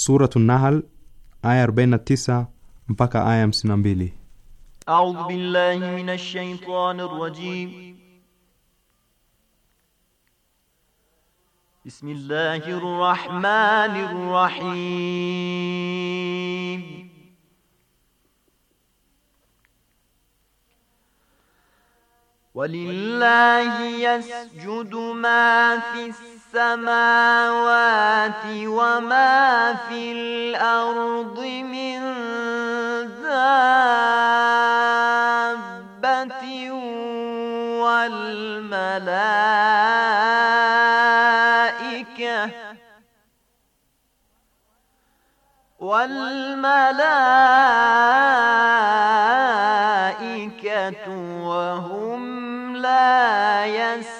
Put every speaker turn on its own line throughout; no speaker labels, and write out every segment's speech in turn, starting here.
Suratu Nahl aya 49 mpaka aya 52.
A'udhu billahi minash shaitani rrajim. Bismillahir rahmanir rahim. Walillahi yasjudu ma fis السماوات وما في الأرض من دابة والملائكة والملائكة وهم لا يسرون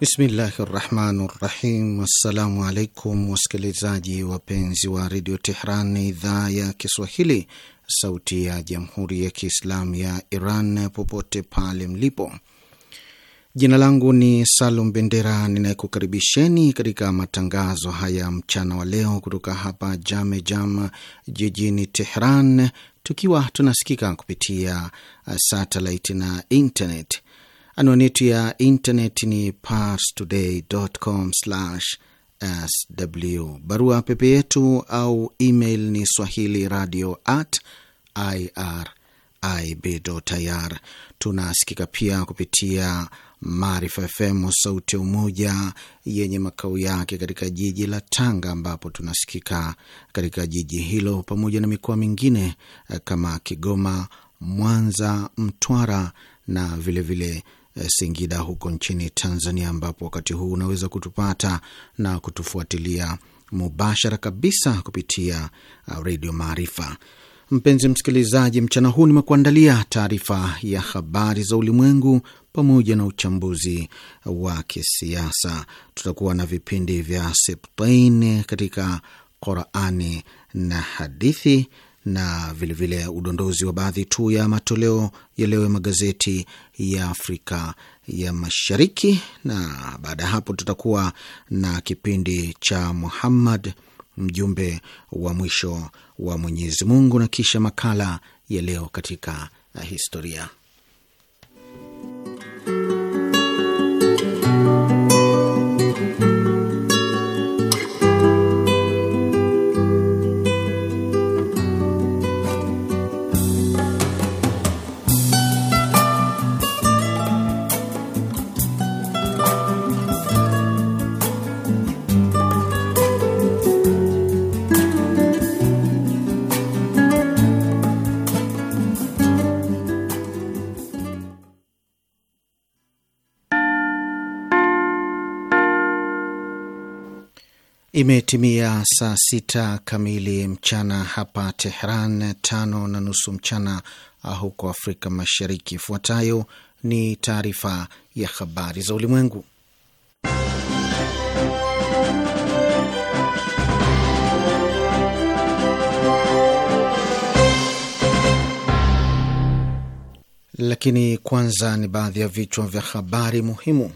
Bismillahi rahmani rahim. Assalamu alaikum wasikilizaji wapenzi wa redio Tehran, idhaa ya Kiswahili, sauti ya jamhuri ya Kiislamu ya Iran, popote pale mlipo. Jina langu ni Salum Bendera ninayekukaribisheni katika matangazo haya mchana wa leo kutoka hapa Jame Jam jijini Tehran, tukiwa tunasikika kupitia satelit na internet. Anwani yetu ya intaneti ni parstoday.com/sw. Barua pepe yetu au email ni swahili radio at irib.ir. Tunasikika pia kupitia Maarifa FM sauti ya Umoja yenye makao yake katika jiji la Tanga, ambapo tunasikika katika jiji hilo pamoja na mikoa mingine eh, kama Kigoma, Mwanza, Mtwara na vilevile vile Eh, Singida huko nchini Tanzania, ambapo wakati huu unaweza kutupata na kutufuatilia mubashara kabisa kupitia eh, Redio Maarifa. Mpenzi msikilizaji, mchana huu nimekuandalia taarifa ya habari za ulimwengu pamoja na uchambuzi wa kisiasa. Tutakuwa na vipindi vya Septain katika Qorani na hadithi na vilevile vile udondozi wa baadhi tu ya matoleo ya leo ya magazeti ya Afrika ya Mashariki, na baada ya hapo tutakuwa na kipindi cha Muhammad mjumbe wa mwisho wa Mwenyezi Mungu, na kisha makala ya leo katika historia. Imetimia saa sita kamili mchana hapa Tehran, tano na nusu mchana ah, huko Afrika Mashariki. Ifuatayo ni taarifa ya habari za ulimwengu, lakini kwanza ni baadhi ya vichwa vya habari muhimu.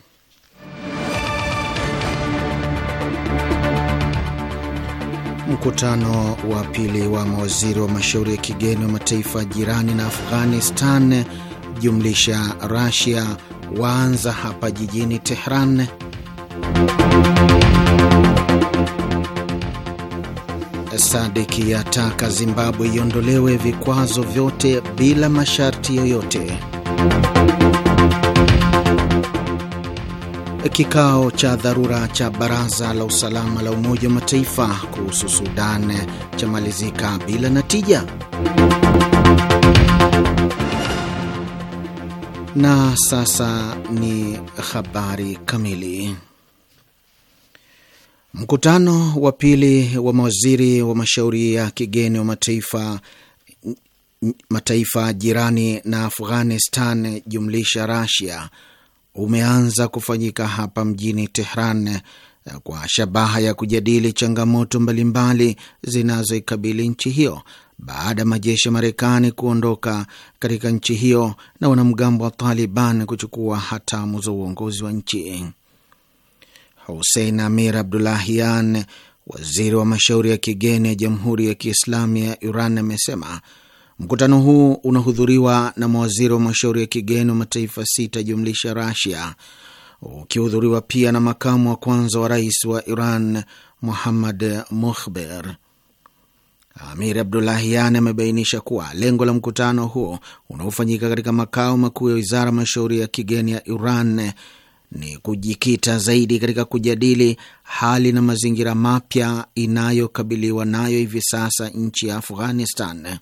Mkutano wa pili wa mawaziri wa mashauri ya kigeni wa mataifa jirani na Afghanistan jumlisha Rasia waanza hapa jijini Tehran. Sadiki yataka Zimbabwe iondolewe vikwazo vyote bila masharti yoyote. Kikao cha dharura cha baraza la usalama la Umoja wa Mataifa kuhusu Sudan chamalizika bila natija. Na sasa ni habari kamili. Mkutano wa pili wa mawaziri wa mashauri ya kigeni wa mataifa mataifa jirani na Afghanistan jumlisha Rasia umeanza kufanyika hapa mjini Tehran kwa shabaha ya kujadili changamoto mbalimbali zinazoikabili nchi hiyo baada ya majeshi ya Marekani kuondoka katika nchi hiyo na wanamgambo wa Taliban kuchukua hatamu za uongozi wa nchi. husein Amir Abdulahian, waziri wa mashauri ya kigeni ya Jamhuri ya Kiislamu ya Iran, amesema Mkutano huu unahudhuriwa na mawaziri wa mashauri ya kigeni wa mataifa sita jumlisha Rasia, ukihudhuriwa pia na makamu wa kwanza wa rais wa Iran Muhammad Mukhber. Amir Abdulahian amebainisha kuwa lengo la mkutano huo unaofanyika katika makao makuu ya wizara ya mashauri ya kigeni ya Iran ni kujikita zaidi katika kujadili hali na mazingira mapya inayokabiliwa nayo hivi sasa nchi ya Afghanistan.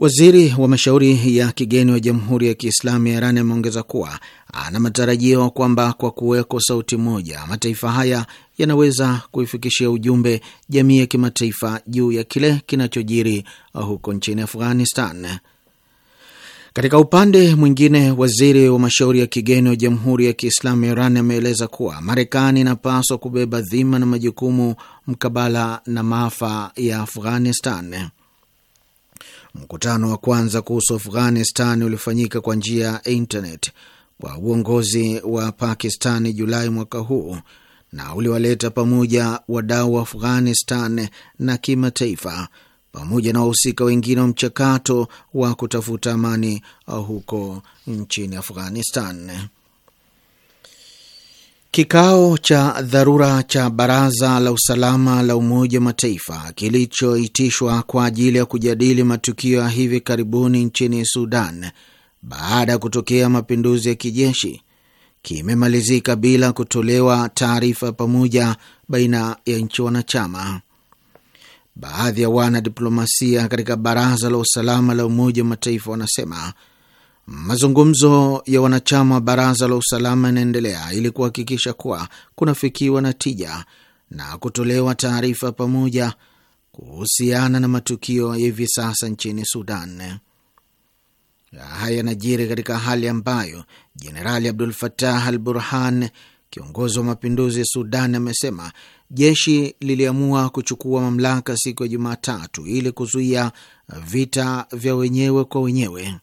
Waziri wa mashauri ya kigeni wa Jamhuri ya Kiislamu ya Iran ameongeza kuwa ana matarajio kwamba kwa kuweko sauti moja mataifa haya yanaweza kuifikishia ujumbe jamii ya kimataifa juu ya kile kinachojiri huko nchini Afghanistan. Katika upande mwingine, waziri wa mashauri ya kigeni wa Jamhuri ya Kiislamu ya Iran ameeleza kuwa Marekani inapaswa kubeba dhima na majukumu mkabala na maafa ya Afghanistan. Mkutano wa kwanza kuhusu Afghanistan ulifanyika kwa njia ya internet kwa uongozi wa Pakistani Julai mwaka huu na uliwaleta pamoja wadau wa Afghanistan na kimataifa pamoja na wahusika wengine wa mchakato wa kutafuta amani huko nchini Afghanistan. Kikao cha dharura cha Baraza la Usalama la Umoja wa Mataifa kilichoitishwa kwa ajili ya kujadili matukio ya hivi karibuni nchini Sudan baada ya kutokea mapinduzi ya kijeshi kimemalizika bila kutolewa taarifa pamoja baina ya nchi wanachama. Baadhi ya wanadiplomasia katika Baraza la Usalama la Umoja wa Mataifa wanasema Mazungumzo ya wanachama wa baraza la usalama yanaendelea ili kuhakikisha kuwa kunafikiwa na tija na kutolewa taarifa pamoja kuhusiana na matukio ya hivi sasa nchini Sudan. Haya yanajiri katika hali ambayo Jenerali Abdul fatah al Burhan, kiongozi wa mapinduzi ya Sudan, amesema jeshi liliamua kuchukua mamlaka siku ya Jumatatu ili kuzuia vita vya wenyewe kwa wenyewe.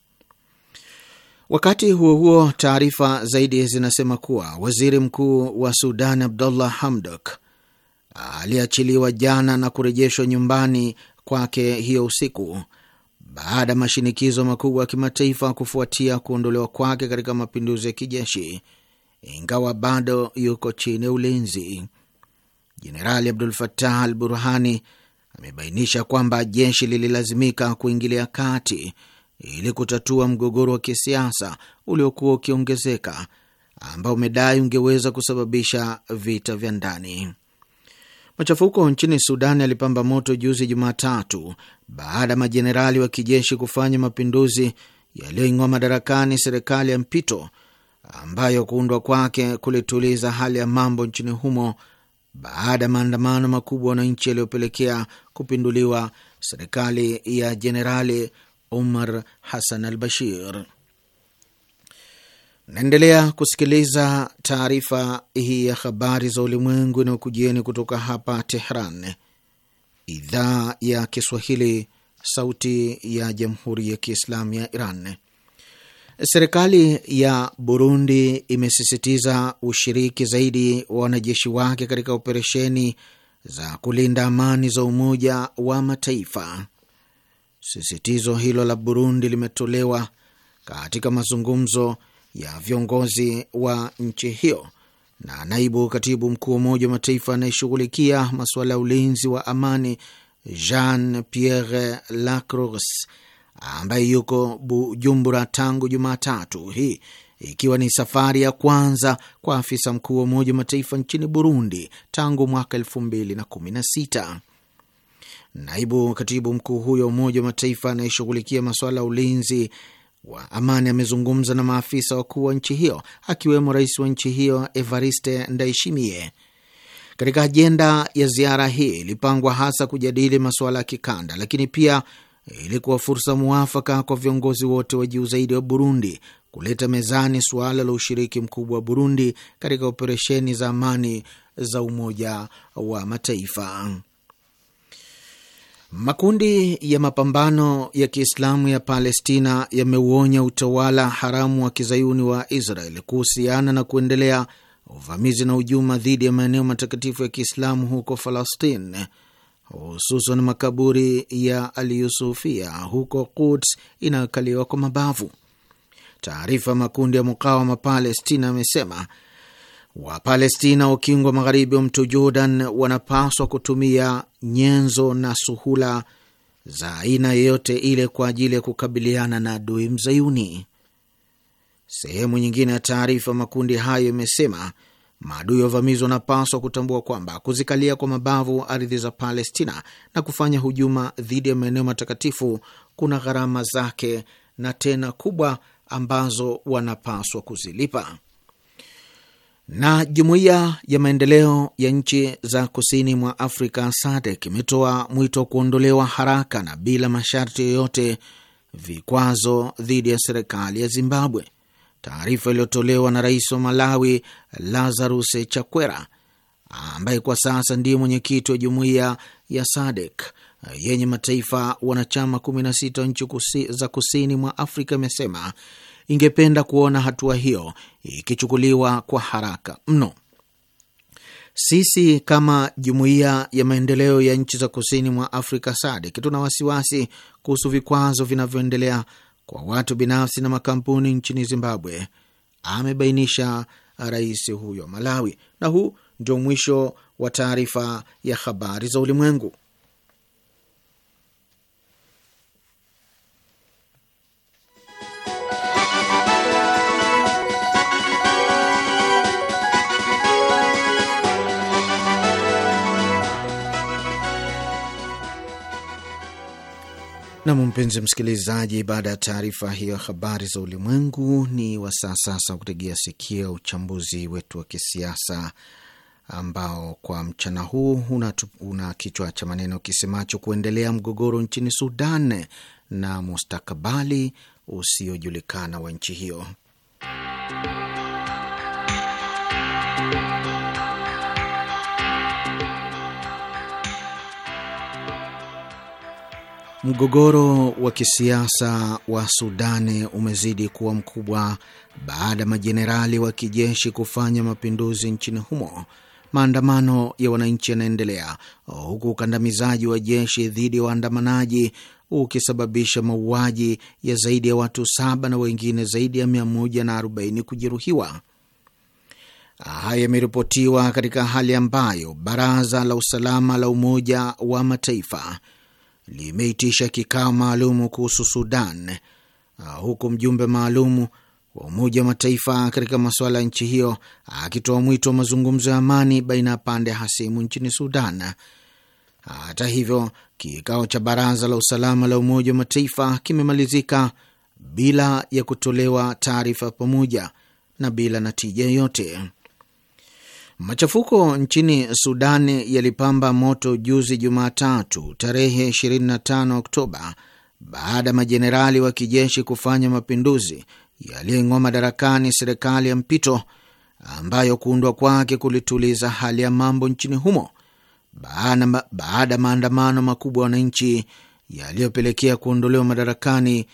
Wakati huo huo, taarifa zaidi zinasema kuwa waziri mkuu wa Sudan Abdullah Hamdok aliachiliwa jana na kurejeshwa nyumbani kwake hiyo usiku baada ya mashinikizo makubwa ya kimataifa kufuatia kuondolewa kwake katika mapinduzi ya kijeshi, ingawa bado yuko chini ya ulinzi. Jenerali Abdul fatah al Burhani amebainisha kwamba jeshi lililazimika kuingilia kati ili kutatua mgogoro wa kisiasa uliokuwa ukiongezeka ambao umedai ungeweza kusababisha vita vya ndani. Machafuko nchini Sudan yalipamba moto juzi Jumatatu baada ya majenerali wa kijeshi kufanya mapinduzi yaliyoing'oa madarakani serikali ya mpito ambayo kuundwa kwake kulituliza hali ya mambo nchini humo baada ya maandamano makubwa wananchi yaliyopelekea kupinduliwa serikali ya Jenerali umar Hassan al Bashir. Naendelea kusikiliza taarifa hii ya habari za ulimwengu inayokujieni kutoka hapa Tehran, idhaa ya Kiswahili, sauti ya jamhuri ya kiislamu ya Iran. Serikali ya Burundi imesisitiza ushiriki zaidi wa wanajeshi wake katika operesheni za kulinda amani za Umoja wa Mataifa. Sisitizo hilo la Burundi limetolewa katika mazungumzo ya viongozi wa nchi hiyo na naibu katibu mkuu wa Umoja wa Mataifa anayeshughulikia masuala ya ulinzi wa amani Jean Pierre Lacroix ambaye yuko Bujumbura tangu Jumatatu hii ikiwa ni safari ya kwanza kwa afisa mkuu wa Umoja wa Mataifa nchini Burundi tangu mwaka elfu mbili na kumi na sita. Naibu katibu mkuu huyo wa Umoja wa Mataifa anayeshughulikia masuala ya ulinzi wa amani amezungumza na maafisa wakuu wa nchi hiyo akiwemo rais wa nchi hiyo Evariste Ndayishimiye. Katika ajenda ya ziara hii ilipangwa hasa kujadili masuala ya kikanda, lakini pia ilikuwa fursa mwafaka kwa viongozi wote wa juu zaidi wa Burundi kuleta mezani suala la ushiriki mkubwa wa Burundi katika operesheni za amani za Umoja wa Mataifa. Makundi ya mapambano ya Kiislamu ya Palestina yameuonya utawala haramu wa kizayuni wa Israel kuhusiana na kuendelea uvamizi na hujuma dhidi ya maeneo matakatifu ya Kiislamu huko Falastin, hususan makaburi ya yusufia huko Quds inayokaliwa kwa mabavu. Taarifa makundi ya mukawama Palestina amesema Wapalestina ukingwa magharibi wa mto Jordan wanapaswa kutumia nyenzo na suhula za aina yeyote ile kwa ajili ya kukabiliana na adui mzayuni. Sehemu nyingine ya taarifa makundi hayo imesema maadui ya uvamizi wanapaswa kutambua kwamba kuzikalia kwa mabavu ardhi za Palestina na kufanya hujuma dhidi ya maeneo matakatifu kuna gharama zake na tena kubwa ambazo wanapaswa kuzilipa. Na jumuiya ya maendeleo ya nchi za kusini mwa Afrika SADC imetoa mwito wa kuondolewa haraka na bila masharti yoyote vikwazo dhidi ya serikali ya Zimbabwe. Taarifa iliyotolewa na rais wa Malawi Lazarus Chakwera, ambaye kwa sasa ndiye mwenyekiti wa jumuiya ya SADC yenye mataifa wanachama 16 nchi za kusini mwa Afrika, imesema ingependa kuona hatua hiyo ikichukuliwa kwa haraka mno. Sisi kama jumuiya ya maendeleo ya nchi za kusini mwa Afrika SADC tuna wasiwasi kuhusu vikwazo vinavyoendelea kwa watu binafsi na makampuni nchini Zimbabwe, amebainisha rais huyo Malawi. Na huu ndio mwisho wa taarifa ya habari za ulimwengu. Nam, mpenzi msikilizaji, baada ya taarifa hiyo habari za ulimwengu, ni wasaa sasa wa kutegea sikio uchambuzi wetu wa kisiasa ambao kwa mchana huu una, una kichwa cha maneno kisemacho kuendelea mgogoro nchini Sudan na mustakabali usiojulikana wa nchi hiyo. Mgogoro wa kisiasa wa Sudani umezidi kuwa mkubwa baada ya majenerali wa kijeshi kufanya mapinduzi nchini humo. Maandamano ya wananchi yanaendelea huku ukandamizaji wa jeshi dhidi ya wa waandamanaji ukisababisha mauaji ya zaidi ya watu saba na wengine zaidi ya 140 kujeruhiwa. Haya yameripotiwa katika hali ambayo baraza la usalama la Umoja wa Mataifa limeitisha kikao maalumu kuhusu Sudan, ah, huku mjumbe maalumu wa Umoja wa Mataifa katika masuala ya nchi hiyo akitoa mwito wa mazungumzo ya amani baina ya pande hasimu nchini Sudan. Hata hivyo, kikao cha Baraza la Usalama la Umoja wa Mataifa kimemalizika bila ya kutolewa taarifa pamoja na bila natija yoyote. Machafuko nchini Sudani yalipamba moto juzi Jumatatu tarehe 25 Oktoba baada ya majenerali wa kijeshi kufanya mapinduzi yaliyoing'oa madarakani serikali ya mpito ambayo kuundwa kwake kulituliza hali ya mambo nchini humo baada ya maandamano makubwa ya wananchi yaliyopelekea kuondolewa madarakani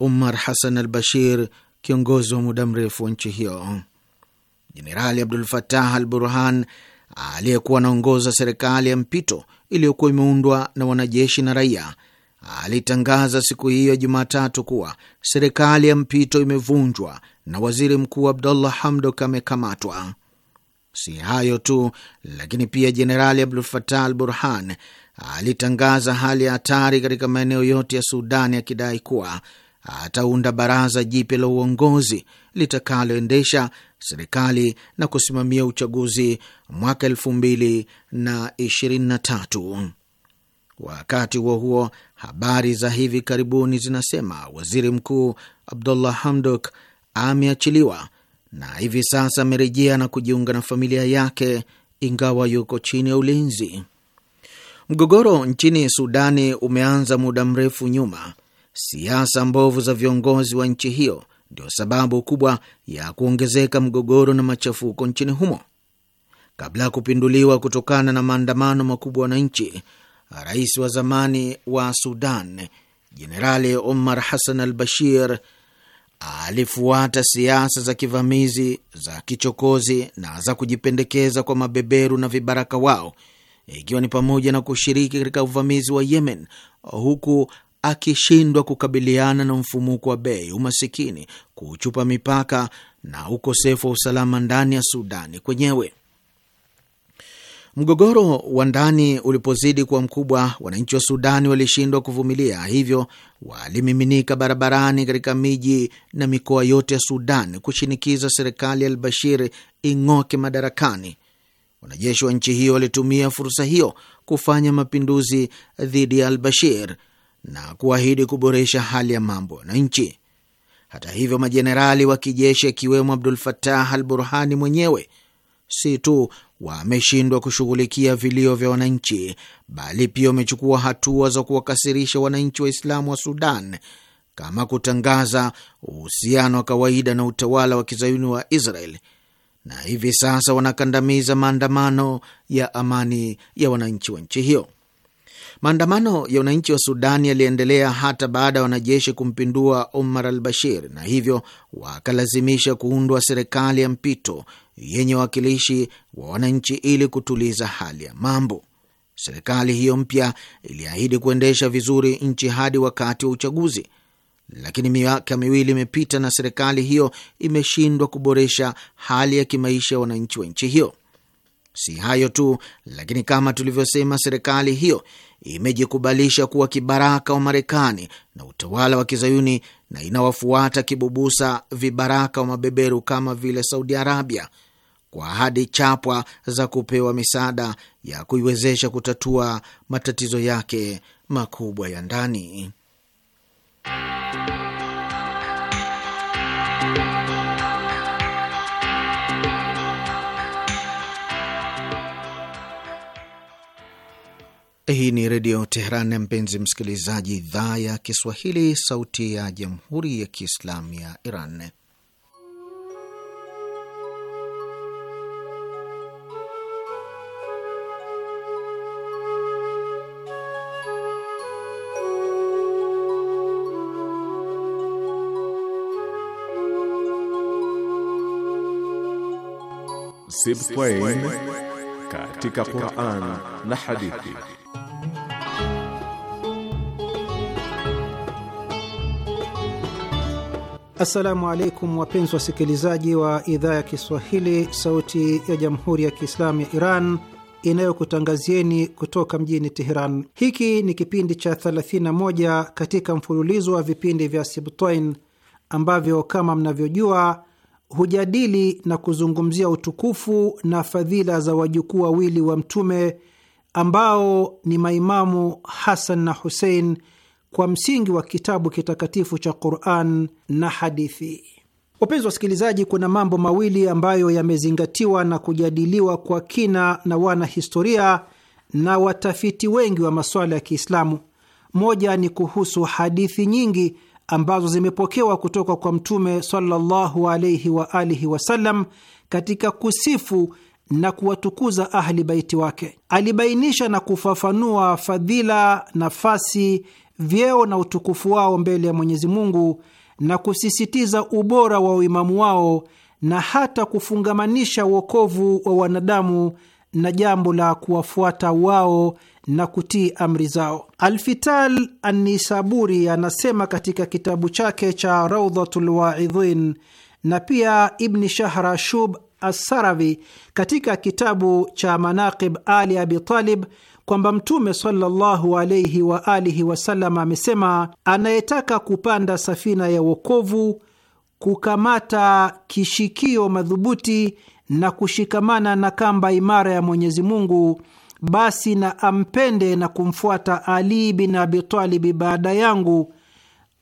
Umar Hassan al Bashir, kiongozi wa muda mrefu wa nchi hiyo. Jenerali Abdul Fatah al Burhan aliyekuwa anaongoza serikali ya mpito iliyokuwa imeundwa na wanajeshi na raia alitangaza siku hiyo Jumatatu kuwa serikali ya mpito imevunjwa na waziri mkuu Abdullah Hamdok amekamatwa. Si hayo tu, lakini pia Jenerali Abdul Fatah al Burhan alitangaza hali ya hatari katika maeneo yote ya Sudani akidai kuwa ataunda baraza jipya la uongozi litakaloendesha serikali na kusimamia uchaguzi mwaka elfu mbili na ishirini na tatu. Wakati huo huo, habari za hivi karibuni zinasema waziri mkuu Abdullah Hamdok ameachiliwa na hivi sasa amerejea na kujiunga na familia yake ingawa yuko chini ya ulinzi. Mgogoro nchini Sudani umeanza muda mrefu nyuma. Siasa mbovu za viongozi wa nchi hiyo ndio sababu kubwa ya kuongezeka mgogoro na machafuko nchini humo. Kabla ya kupinduliwa kutokana na maandamano makubwa wananchi, rais wa zamani wa Sudan Jenerali Omar Hassan al Bashir alifuata siasa za kivamizi za kichokozi na za kujipendekeza kwa mabeberu na vibaraka wao, ikiwa ni pamoja na kushiriki katika uvamizi wa Yemen, huku akishindwa kukabiliana na mfumuko wa bei, umasikini, kuchupa mipaka na ukosefu wa usalama ndani ya Sudani kwenyewe. Mgogoro wa ndani ulipozidi kuwa mkubwa, wananchi wa Sudani walishindwa kuvumilia, hivyo walimiminika barabarani katika miji na mikoa yote ya Sudan kushinikiza serikali ya Albashir ing'oke madarakani. Wanajeshi wa nchi hiyo walitumia fursa hiyo kufanya mapinduzi dhidi ya Albashir na kuahidi kuboresha hali ya mambo ya wananchi. Hata hivyo, majenerali wa kijeshi akiwemo Abdul fatah al Burhani mwenyewe si tu wameshindwa kushughulikia vilio vya wananchi, bali pia wamechukua hatua za kuwakasirisha wananchi Waislamu wa Sudan, kama kutangaza uhusiano wa kawaida na utawala wa kizayuni wa Israel, na hivi sasa wanakandamiza maandamano ya amani ya wananchi wa nchi hiyo. Maandamano ya wananchi wa sudani yaliendelea hata baada ya wanajeshi kumpindua Omar al Bashir na hivyo wakalazimisha kuundwa serikali ya mpito yenye wawakilishi wa wananchi ili kutuliza hali ya mambo. Serikali hiyo mpya iliahidi kuendesha vizuri nchi hadi wakati wa uchaguzi, lakini miaka miwili imepita na serikali hiyo imeshindwa kuboresha hali ya kimaisha ya wananchi wa nchi hiyo. Si hayo tu, lakini kama tulivyosema, serikali hiyo imejikubalisha kuwa kibaraka wa Marekani na utawala wa Kizayuni na inawafuata kibubusa vibaraka wa mabeberu kama vile Saudi Arabia kwa ahadi chapwa za kupewa misaada ya kuiwezesha kutatua matatizo yake makubwa ya ndani. Hii ni Redio Teheran, mpenzi msikilizaji, idhaa ya Kiswahili, sauti ya jamhuri ya kiislamu ya Iran.
Sibtain
katika Quran na hadithi Assalamu alaikum wapenzi wasikilizaji wa idhaa ya Kiswahili, Sauti ya Jamhuri ya Kiislamu ya Iran inayokutangazieni kutoka mjini Teheran. Hiki ni kipindi cha 31 katika mfululizo wa vipindi vya Sibtain ambavyo kama mnavyojua hujadili na kuzungumzia utukufu na fadhila za wajukuu wawili wa Mtume ambao ni maimamu Hasan na Husein kwa msingi wa kitabu kitakatifu cha Quran na hadithi. Wapenzi wasikilizaji, kuna mambo mawili ambayo yamezingatiwa na kujadiliwa kwa kina na wanahistoria na watafiti wengi wa masuala ya Kiislamu. Moja ni kuhusu hadithi nyingi ambazo zimepokewa kutoka kwa Mtume sallallahu alaihi wa alihi wasallam katika kusifu na kuwatukuza ahli baiti wake. Alibainisha na kufafanua fadhila, nafasi vyeo na utukufu wao mbele ya Mwenyezi Mungu na kusisitiza ubora wa uimamu wao na hata kufungamanisha wokovu wa wanadamu na jambo la kuwafuata wao na kutii amri zao. Alfital Anisaburi anasema katika kitabu chake cha Raudhatul Waidhin na pia Ibni Shahra Shub Assaravi katika kitabu cha Manaqib Ali Abi Talib kwamba Mtume sallallahu alaihi wa alihi wasallam amesema, anayetaka kupanda safina ya wokovu, kukamata kishikio madhubuti na kushikamana na kamba imara ya Mwenyezi Mungu, basi na ampende na kumfuata Ali bin Abitalibi baada yangu,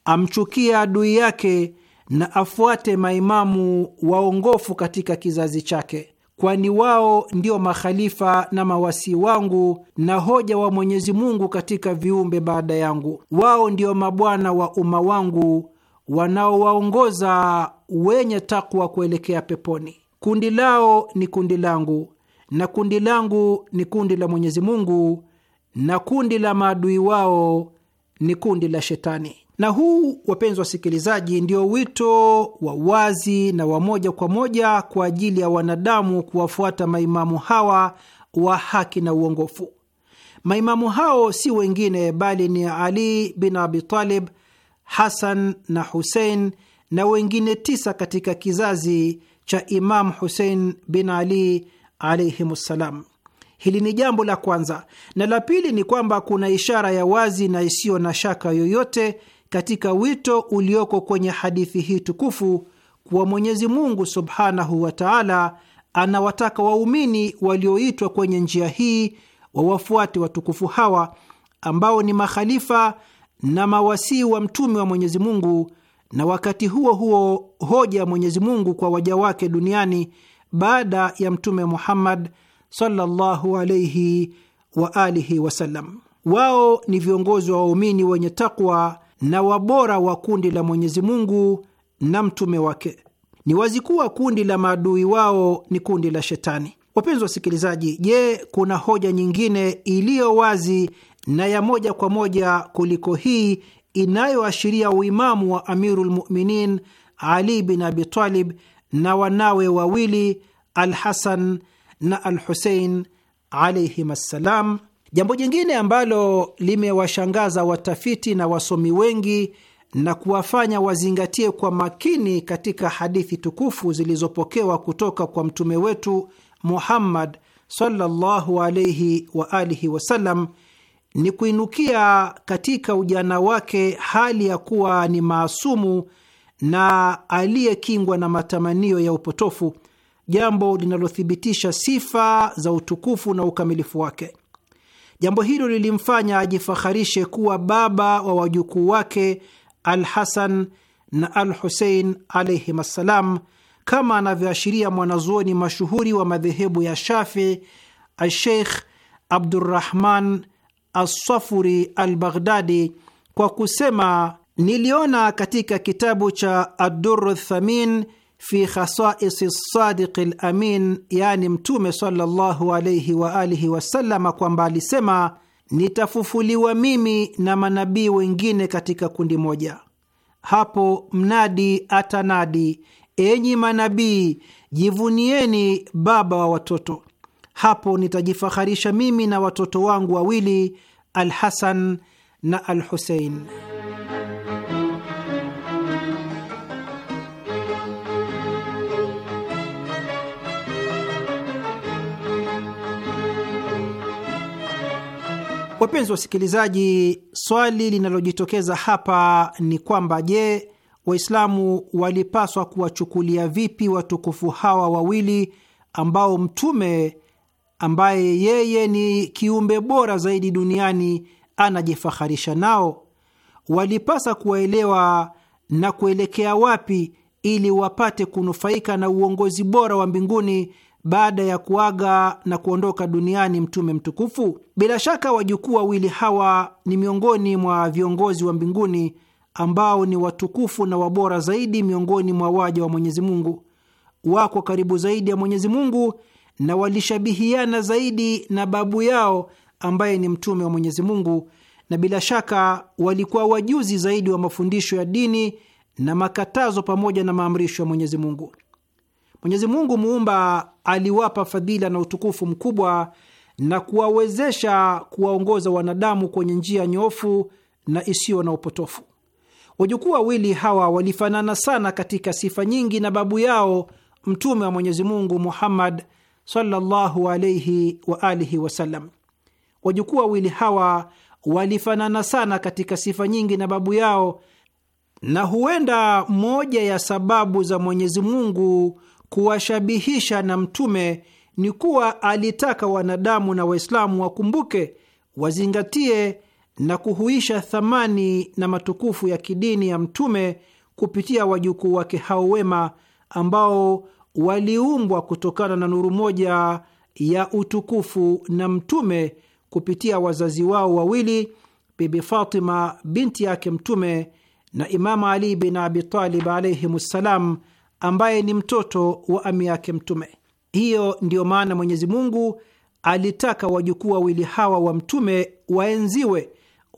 amchukia adui yake na afuate maimamu waongofu katika kizazi chake kwani wao ndio makhalifa na mawasii wangu na hoja wa Mwenyezi Mungu katika viumbe baada yangu. Wao ndio mabwana wa umma wangu wanaowaongoza wenye takwa kuelekea peponi. Kundi lao ni kundi langu na kundi langu ni kundi la Mwenyezi Mungu na kundi la maadui wao ni kundi la Shetani. Na huu, wapenzi wasikilizaji, ndio wito wa wazi na wa moja kwa moja kwa ajili ya wanadamu kuwafuata maimamu hawa wa haki na uongofu. Maimamu hao si wengine bali ni Ali bin Abi Talib, Hasan na Husein na wengine tisa katika kizazi cha Imamu Husein bin Ali ssalam Hili ni jambo la kwanza, na la pili ni kwamba kuna ishara ya wazi na isiyo na shaka yoyote katika wito ulioko kwenye hadithi hii tukufu kuwa Mwenyezi Mungu subhanahu wa taala anawataka waumini walioitwa kwenye njia hii wawafuate watukufu hawa ambao ni makhalifa na mawasii wa mtume wa Mwenyezi Mungu, na wakati huo huo hoja ya Mwenyezi Mungu kwa waja wake duniani baada ya Mtume Muhammad sallallahu alaihi wa alihi wasallam. Wao ni viongozi wa waumini wenye takwa na wabora wa kundi la Mwenyezi Mungu na mtume wake. Ni wazi kuwa kundi la maadui wao ni kundi la Shetani. Wapenzi wasikilizaji, je, kuna hoja nyingine iliyo wazi na ya moja kwa moja kuliko hii inayoashiria uimamu wa amirulmuminin Ali bin Abi Talib na wanawe wawili alhasan na alhusein Husein alaihim assalam? Jambo jingine ambalo limewashangaza watafiti na wasomi wengi na kuwafanya wazingatie kwa makini katika hadithi tukufu zilizopokewa kutoka kwa mtume wetu Muhammad sallallahu wa alihi wasallam ni kuinukia katika ujana wake hali ya kuwa ni maasumu na aliyekingwa na matamanio ya upotofu, jambo linalothibitisha sifa za utukufu na ukamilifu wake. Jambo hilo lilimfanya ajifaharishe kuwa baba wa wajukuu wake alhasan na Al Husein alaihim assalam, kama anavyoashiria mwanazuoni mashuhuri wa madhehebu ya Shafii Alsheikh Abdurrahman al Albaghdadi kwa kusema, niliona katika kitabu cha Adduru Thamin fi khasaisi sadiqi lamin, yani Mtume sallallahu alaihi waalihi wasalama, kwamba alisema nitafufuliwa mimi na manabii wengine katika kundi moja. Hapo mnadi atanadi, enyi manabii, jivunieni baba wa watoto. Hapo nitajifaharisha mimi na watoto wangu wawili, Alhasan na Alhusein. Wapenzi wasikilizaji, swali linalojitokeza hapa ni kwamba je, Waislamu walipaswa kuwachukulia vipi watukufu hawa wawili ambao Mtume ambaye yeye ni kiumbe bora zaidi duniani anajifaharisha nao? Walipasa kuwaelewa na kuelekea wapi ili wapate kunufaika na uongozi bora wa mbinguni baada ya kuaga na kuondoka duniani mtume mtukufu? Bila shaka wajukuu wawili hawa ni miongoni mwa viongozi wa mbinguni ambao ni watukufu na wabora zaidi miongoni mwa waja wa Mwenyezi Mungu, wako karibu zaidi ya Mwenyezi Mungu na walishabihiana zaidi na babu yao ambaye ni mtume wa Mwenyezi Mungu, na bila shaka walikuwa wajuzi zaidi wa mafundisho ya dini na makatazo pamoja na maamrisho ya Mwenyezi Mungu. Mwenyezi Mungu muumba aliwapa fadhila na utukufu mkubwa na kuwawezesha kuwaongoza wanadamu kwenye njia nyofu na isiyo na upotofu. Wajukuu wawili hawa walifanana sana katika sifa nyingi na babu yao Mtume wa Mwenyezi Mungu Muhammad sallallahu alayhi wa alihi wasallam. Wajukuu wawili hawa walifanana sana katika sifa nyingi na babu yao, na huenda moja ya sababu za Mwenyezi Mungu kuwashabihisha na Mtume ni kuwa alitaka wanadamu na Waislamu wakumbuke, wazingatie na kuhuisha thamani na matukufu ya kidini ya Mtume kupitia wajukuu wake hao wema ambao waliumbwa kutokana na nuru moja ya utukufu na Mtume kupitia wazazi wao wawili, Bibi Fatima binti yake Mtume na Imamu Ali bin Abi Talib ssalam ambaye ni mtoto wa ami yake Mtume. Hiyo ndiyo maana Mwenyezi Mungu alitaka wajukuu wawili hawa wa Mtume waenziwe,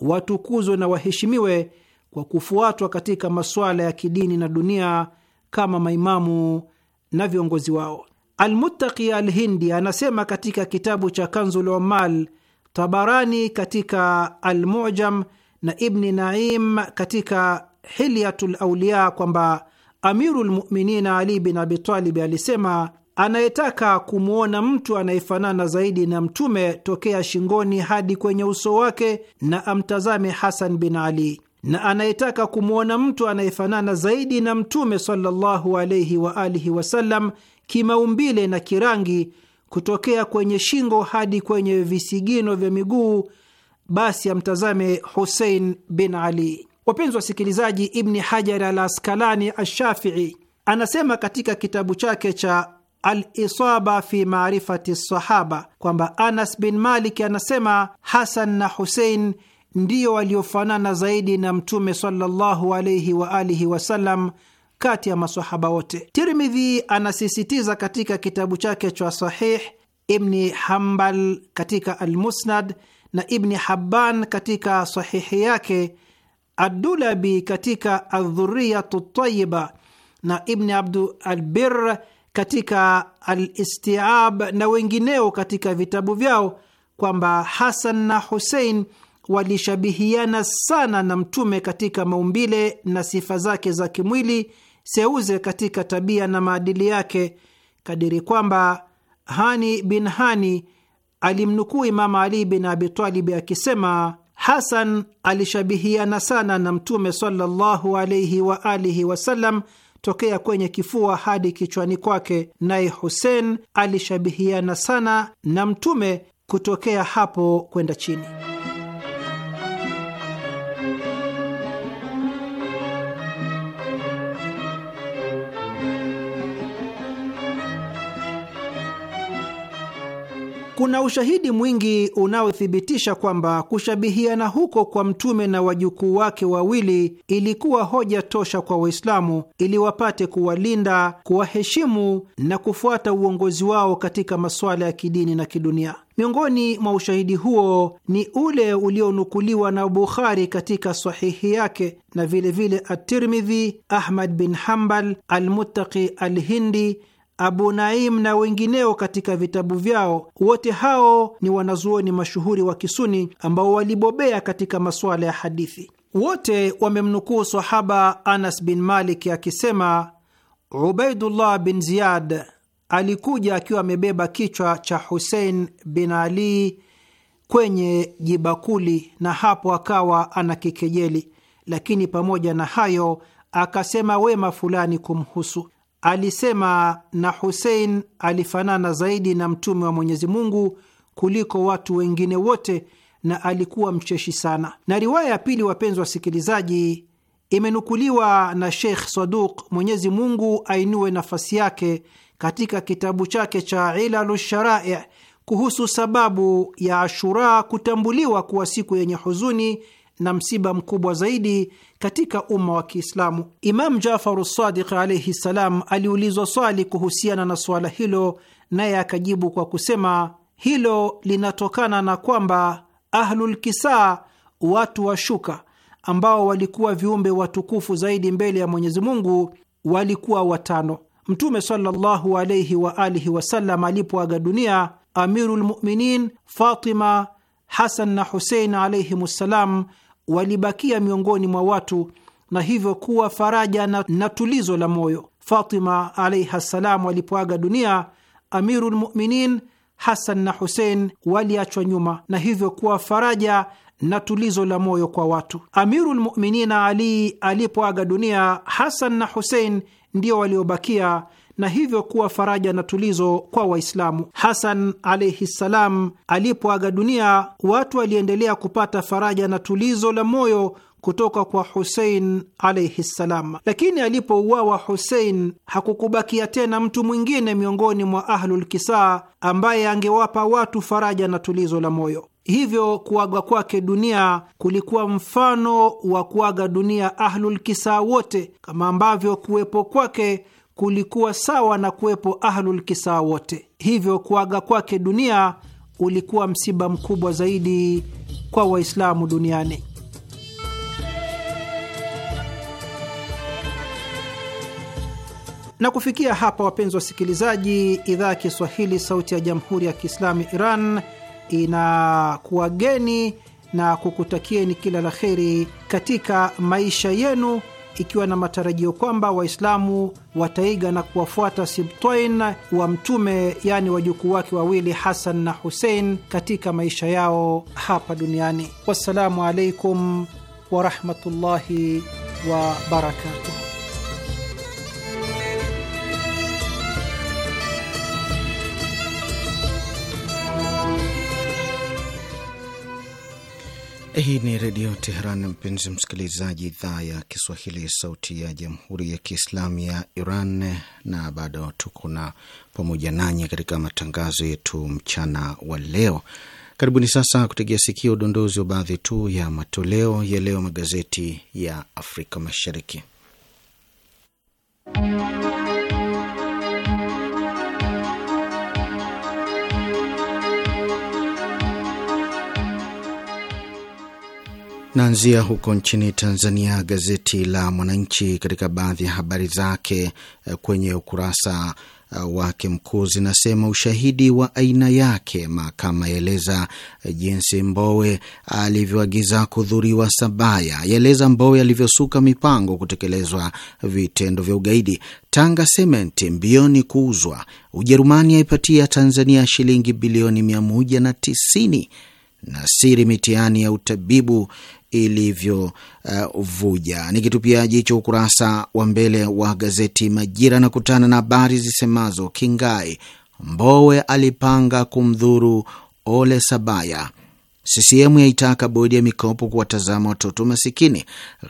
watukuzwe na waheshimiwe kwa kufuatwa katika masuala ya kidini na dunia kama maimamu na viongozi wao. Almuttaqi Alhindi anasema katika kitabu cha Kanzul Ummal, Tabarani katika Almujam na Ibni Naim katika Hilyatul Auliya kwamba Amirul Ali bin Abitalibi alisema anayetaka kumwona mtu anayefanana zaidi na Mtume tokea shingoni hadi kwenye uso wake na amtazame Hasan bin Ali, na anayetaka kumwona mtu anayefanana zaidi na Mtume sallallahu alaihi wa alihi wasallam kimaumbile na kirangi, kutokea kwenye shingo hadi kwenye visigino vya miguu, basi amtazame Husein bin Ali. Wapenzi wasikilizaji, Ibni Hajar al Askalani Ashafii anasema katika kitabu chake cha Alisaba fi marifati sahaba kwamba Anas bin Malik anasema Hasan na Husein ndiyo waliofanana zaidi na Mtume sallallahu alaihi wa alihi wasallam kati ya masahaba wote. Tirmidhi anasisitiza katika kitabu chake cha Sahih, Ibni Hambal katika Almusnad na Ibni Habban katika sahihi yake abdulabi katika Adhuriyatu Tayiba na Ibni Abdu Albir katika Alistiab na wengineo katika vitabu vyao kwamba Hasan na Husein walishabihiana sana na Mtume katika maumbile na sifa zake za kimwili, seuze katika tabia na maadili yake, kadiri kwamba Hani bin Hani alimnukuu imama Ali bin Abitalibi akisema Hasan alishabihiana sana na Mtume sallallahu alaihi wa alihi wasallam tokea kwenye kifua hadi kichwani kwake, naye Husein alishabihiana sana na Mtume kutokea hapo kwenda chini. Kuna ushahidi mwingi unaothibitisha kwamba kushabihiana huko kwa mtume na wajukuu wake wawili ilikuwa hoja tosha kwa Waislamu ili wapate kuwalinda, kuwaheshimu na kufuata uongozi wao katika masuala ya kidini na kidunia. Miongoni mwa ushahidi huo ni ule ulionukuliwa na Bukhari katika sahihi yake na vilevile Atirmidhi, Ahmad bin Hambal, Almuttaqi Alhindi Abu Naim na wengineo katika vitabu vyao. Wote hao ni wanazuoni mashuhuri wa Kisuni ambao walibobea katika masuala ya hadithi. Wote wamemnukuu sahaba Anas bin Malik akisema, Ubaidullah bin Ziyad alikuja akiwa amebeba kichwa cha Husein bin Ali kwenye jibakuli, na hapo akawa anakikejeli, lakini pamoja na hayo akasema wema fulani kumhusu alisema, na Husein alifanana zaidi na mtume wa Mwenyezi Mungu kuliko watu wengine wote na alikuwa mcheshi sana. Na riwaya ya pili, wapenzi wasikilizaji, imenukuliwa na Sheikh Saduq, Mwenyezi Mungu ainue nafasi yake, katika kitabu chake cha Ilalu Sharai kuhusu sababu ya Ashura kutambuliwa kuwa siku yenye huzuni na msiba mkubwa zaidi katika umma wa Kiislamu. Imamu Jafaru Sadiq alaihi ssalam aliulizwa swali kuhusiana na suala hilo, naye akajibu kwa kusema, hilo linatokana na kwamba Ahlulkisaa, watu wa shuka, ambao walikuwa viumbe watukufu zaidi mbele ya Mwenyezi Mungu, walikuwa watano. Mtume sallallahu alaihi wa alihi wasallam alipoaga dunia, amirulmuminin Fatima, Hasan na Husein alaihim ssalam walibakia miongoni mwa watu na hivyo kuwa faraja na, na tulizo la moyo. Fatima alaihi ssalam alipoaga dunia, amirulmuminin Hasan na Husein waliachwa nyuma na hivyo kuwa faraja na tulizo la moyo kwa watu. amirulmuminina Muminina Ali alipoaga dunia, Hasan na Husein ndio waliobakia na hivyo kuwa faraja na tulizo kwa Waislamu. Hasan alaihi ssalam alipoaga dunia, watu waliendelea kupata faraja na tulizo la moyo kutoka kwa Husein alaihi ssalam, lakini alipouawa Husein hakukubakia tena mtu mwingine miongoni mwa Ahlulkisaa ambaye angewapa watu faraja na tulizo la moyo. Hivyo kuaga kwake dunia kulikuwa mfano wa kuaga dunia Ahlulkisaa wote, kama ambavyo kuwepo kwake kulikuwa sawa na kuwepo ahlulkisaa wote, hivyo kuaga kwake dunia ulikuwa msiba mkubwa zaidi kwa Waislamu duniani. Na kufikia hapa, wapenzi wasikilizaji, idhaa ya Kiswahili sauti ya jamhuri ya Kiislamu Iran inakuwageni na kukutakieni kila la kheri katika maisha yenu ikiwa na matarajio kwamba Waislamu wataiga na kuwafuata Sibtain wa Mtume, yaani wajukuu wake wawili Hasan na Husein katika maisha yao hapa duniani. Wassalamu alaikum warahmatullahi wabarakatuh.
Hii ni Redio Teheran, mpenzi msikilizaji, idhaa ya Kiswahili, sauti ya jamhuri ya kiislamu ya Iran, na bado tuko na pamoja nanyi katika matangazo yetu mchana wa leo. Karibuni sasa kutegea sikio udondozi wa baadhi tu ya matoleo ya leo magazeti ya Afrika Mashariki. Naanzia huko nchini Tanzania. Gazeti la Mwananchi katika baadhi ya habari zake eh, kwenye ukurasa eh, wake mkuu zinasema ushahidi wa aina yake, mahakama yaeleza eh, jinsi Mbowe alivyoagiza kudhuriwa Sabaya, yaeleza Mbowe alivyosuka mipango kutekelezwa vitendo vya ugaidi. Tanga Sementi mbioni kuuzwa, Ujerumani aipatia Tanzania shilingi bilioni mia moja na tisini na siri mitihani ya utabibu ilivyovuja. Uh, kitupiaji jicho ukurasa wa mbele wa gazeti Majira na kutana na habari zisemazo Kingai Mbowe alipanga kumdhuru Ole Sabaya. CCM yaitaka bodi ya mikopo kuwatazama watoto masikini.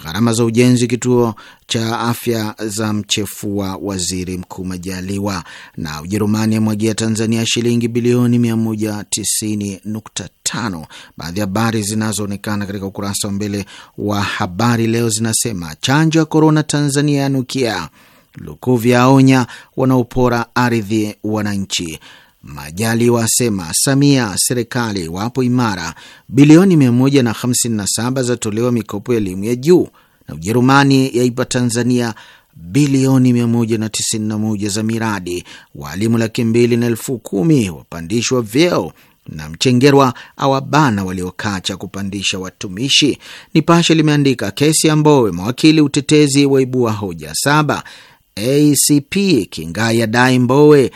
Gharama za ujenzi kituo cha afya za mchefua waziri mkuu Majaliwa. Na Ujerumani amwagia Tanzania shilingi bilioni 190.9 tano. Baadhi ya habari zinazoonekana katika ukurasa wa mbele wa Habari Leo zinasema chanjo ya korona Tanzania yanukia, Lukuvi aonya wanaopora ardhi wananchi, Majali wasema Samia serikali wapo imara, bilioni 157 zatolewa mikopo ya elimu ya juu, na Ujerumani yaipa Tanzania bilioni 191 za miradi. Waalimu laki mbili na elfu kumi wapandishwa vyeo na Mchengerwa awabana waliokacha kupandisha watumishi. Nipashe limeandika kesi ya Mbowe, mawakili utetezi waibua hoja saba. ACP Kingai adai Mbowe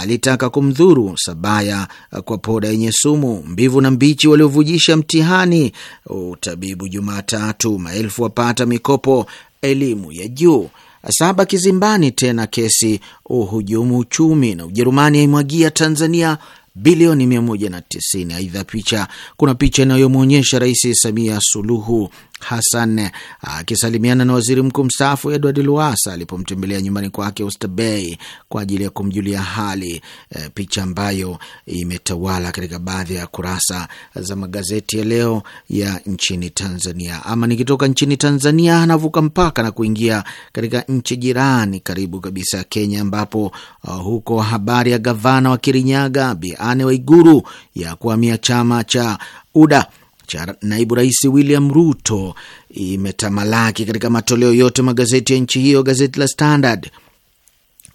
alitaka kumdhuru. Sabaya kwa poda yenye sumu. Mbivu na mbichi waliovujisha mtihani utabibu Jumatatu. Maelfu wapata mikopo elimu ya juu. Saba kizimbani tena kesi uhujumu uchumi, na Ujerumani yaimwagia Tanzania bilioni 190. Aidha, picha kuna picha inayomwonyesha Rais Samia Suluhu Hassan akisalimiana na waziri mkuu mstaafu Edward Luasa alipomtembelea nyumbani kwake Oysterbay kwa ajili ya kumjulia hali e, picha ambayo imetawala katika baadhi ya kurasa za magazeti ya leo ya nchini Tanzania. Ama nikitoka nchini Tanzania, anavuka mpaka na kuingia katika nchi jirani karibu kabisa ya Kenya, ambapo uh, huko habari ya gavana wa Kirinyaga Bi Anne Waiguru ya kuhamia chama cha UDA cha naibu rais William Ruto imetamalaki katika matoleo yote magazeti ya nchi hiyo. Gazeti la Standard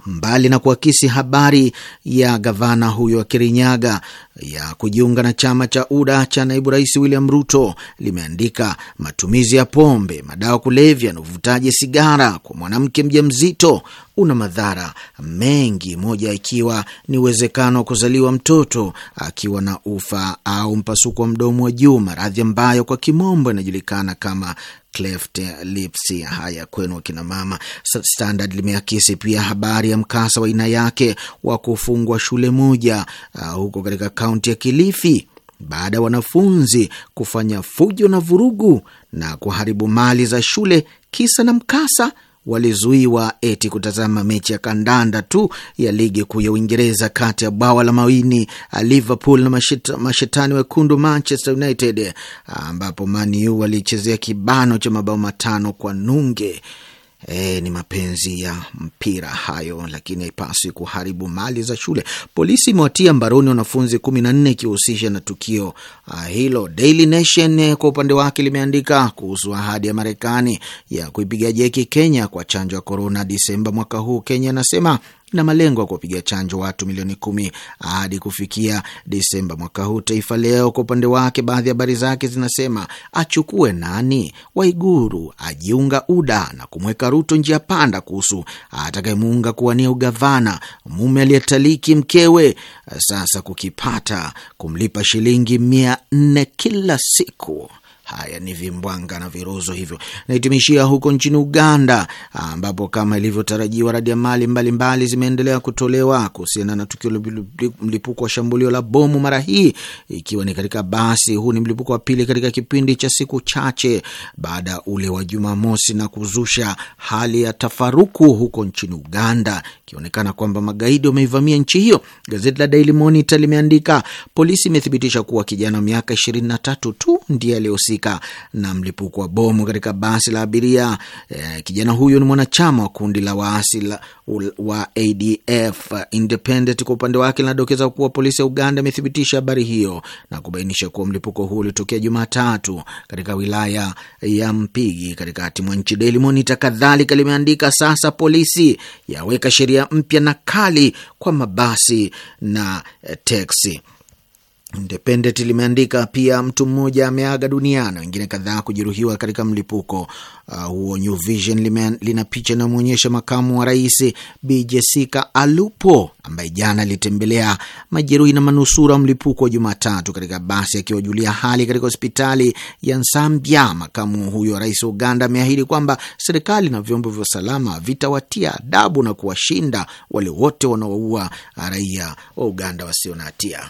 mbali na kuakisi habari ya gavana huyo wa Kirinyaga ya kujiunga na chama cha UDA cha naibu rais William Ruto, limeandika matumizi ya pombe, madawa kulevya na uvutaji sigara kwa mwanamke mjamzito una madhara mengi, moja ikiwa ni uwezekano wa kuzaliwa mtoto akiwa na ufa au mpasuko wa mdomo wa juu, maradhi ambayo kwa kimombo yanajulikana kama cleft lips. Haya kwenu akina mama. Standard limeakisi pia habari ya mkasa wa aina yake wa kufungwa shule moja uh, huko katika kaunti ya Kilifi baada ya wanafunzi kufanya fujo na vurugu na kuharibu mali za shule, kisa na mkasa walizuiwa eti kutazama mechi ya kandanda tu ya ligi kuu ya Uingereza kati ya bwawa la mawini Liverpool na mashetani wekundu Manchester United, ambapo Man U walichezea kibano cha mabao matano kwa nunge E, ni mapenzi ya mpira hayo, lakini haipaswi kuharibu mali za shule. Polisi imewatia mbaroni wanafunzi kumi na nne ikihusisha na tukio hilo. Daily Nation e, kwa upande wake limeandika kuhusu ahadi ya Marekani ya kuipiga jeki Kenya kwa chanjo ya korona Disemba mwaka huu. Kenya anasema na malengo ya kuwapiga chanjo watu milioni kumi hadi kufikia disemba mwaka huu. Taifa Leo kwa upande wake, baadhi ya habari zake zinasema achukue nani, Waiguru ajiunga UDA na kumweka Ruto njia panda kuhusu atakayemuunga kuwania ugavana, mume aliyetaliki mkewe sasa kukipata kumlipa shilingi mia nne kila siku. Haya ni vimbwanga na viruzo hivyo. Nahitimishia huko nchini Uganda, ambapo kama ilivyotarajiwa radi ya mali mbalimbali zimeendelea kutolewa kuhusiana na tukio la mlipuko wa shambulio la bomu, mara hii ikiwa ni katika basi. Huu ni mlipuko wa pili katika kipindi cha siku chache baada ya ule wa Jumamosi, na kuzusha hali ya tafaruku huko nchini Uganda, ikionekana kwamba magaidi wameivamia nchi hiyo. Gazeti la Daily Monitor limeandika polisi imethibitisha kuwa kijana wa miaka ishirini na tatu tu ndiye aliyosi walioathirika na mlipuko wa bomu katika basi la abiria. E, kijana huyo ni mwanachama wa kundi la waasi wa ADF. Independent kwa upande wake linadokeza kuwa polisi ya Uganda imethibitisha habari hiyo na kubainisha kuwa mlipuko huo ulitokea Jumatatu katika wilaya ya Mpigi katikati mwa nchi. Daily Monitor kadhalika limeandika sasa polisi yaweka sheria mpya na kali kwa mabasi na teksi. Independent limeandika pia, mtu mmoja ameaga dunia na wengine kadhaa kujeruhiwa katika mlipuko uh, huo. New Vision lina picha inayomwonyesha makamu wa rais Bi Jessica Alupo ambaye jana alitembelea majeruhi na manusura wa mlipuko wa Jumatatu katika basi akiwajulia hali katika hospitali ya Nsambya. Makamu huyo wa rais wa Uganda ameahidi kwamba serikali na vyombo vya usalama vitawatia adabu na kuwashinda wale wote wanaoua raia wa Uganda wasio na hatia.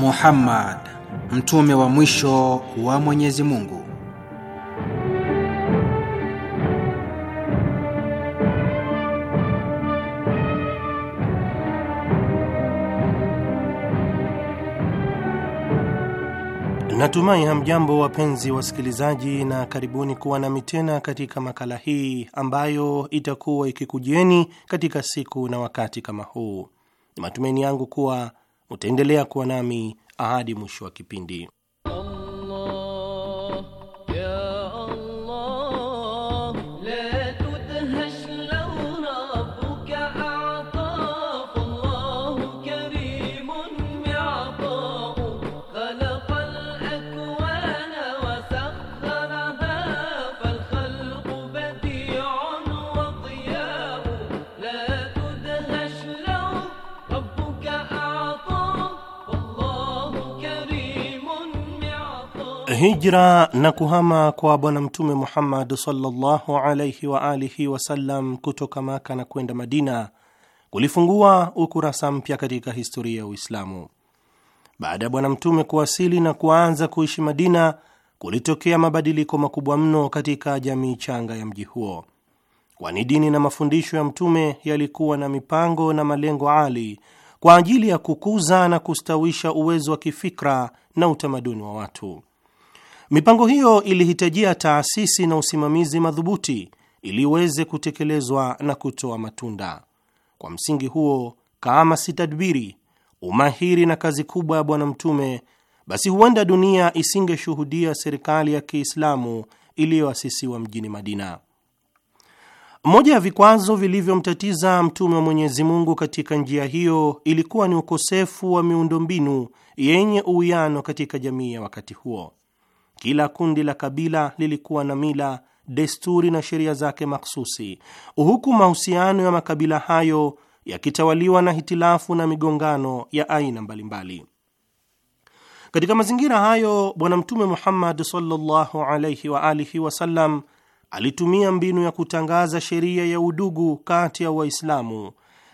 Muhammad mtume wa mwisho wa Mwenyezi Mungu.
Natumai hamjambo wapenzi wasikilizaji, na karibuni kuwa nami tena katika makala hii ambayo itakuwa ikikujieni katika siku na wakati kama huu. Ni matumaini yangu kuwa Mutaendelea kuwa nami ahadi mwisho wa kipindi. Hijra na kuhama kwa Bwana Mtume Muhammad sallallahu alaihi wa alihi wasallam kutoka Maka na kwenda Madina kulifungua ukurasa mpya katika historia ya Uislamu. Baada ya Bwana Mtume kuwasili na kuanza kuishi Madina, kulitokea mabadiliko makubwa mno katika jamii changa ya mji huo, kwani dini na mafundisho ya Mtume yalikuwa na mipango na malengo ali kwa ajili ya kukuza na kustawisha uwezo wa kifikra na utamaduni wa watu. Mipango hiyo ilihitajia taasisi na usimamizi madhubuti ili iweze kutekelezwa na kutoa matunda. Kwa msingi huo, kama si tadbiri, umahiri na kazi kubwa ya Bwana Mtume, basi huenda dunia isingeshuhudia serikali ya Kiislamu iliyoasisiwa mjini Madina. Moja ya vikwazo vilivyomtatiza Mtume wa Mwenyezi Mungu katika njia hiyo ilikuwa ni ukosefu wa miundombinu yenye uwiano katika jamii ya wakati huo. Kila kundi la kabila lilikuwa na mila, desturi na sheria zake mahsusi, huku mahusiano ya makabila hayo yakitawaliwa na hitilafu na migongano ya aina mbalimbali. Katika mazingira hayo, Bwana Mtume Muhammad sallallahu alaihi wa alihi wasallam alitumia mbinu ya kutangaza sheria ya udugu kati ya Waislamu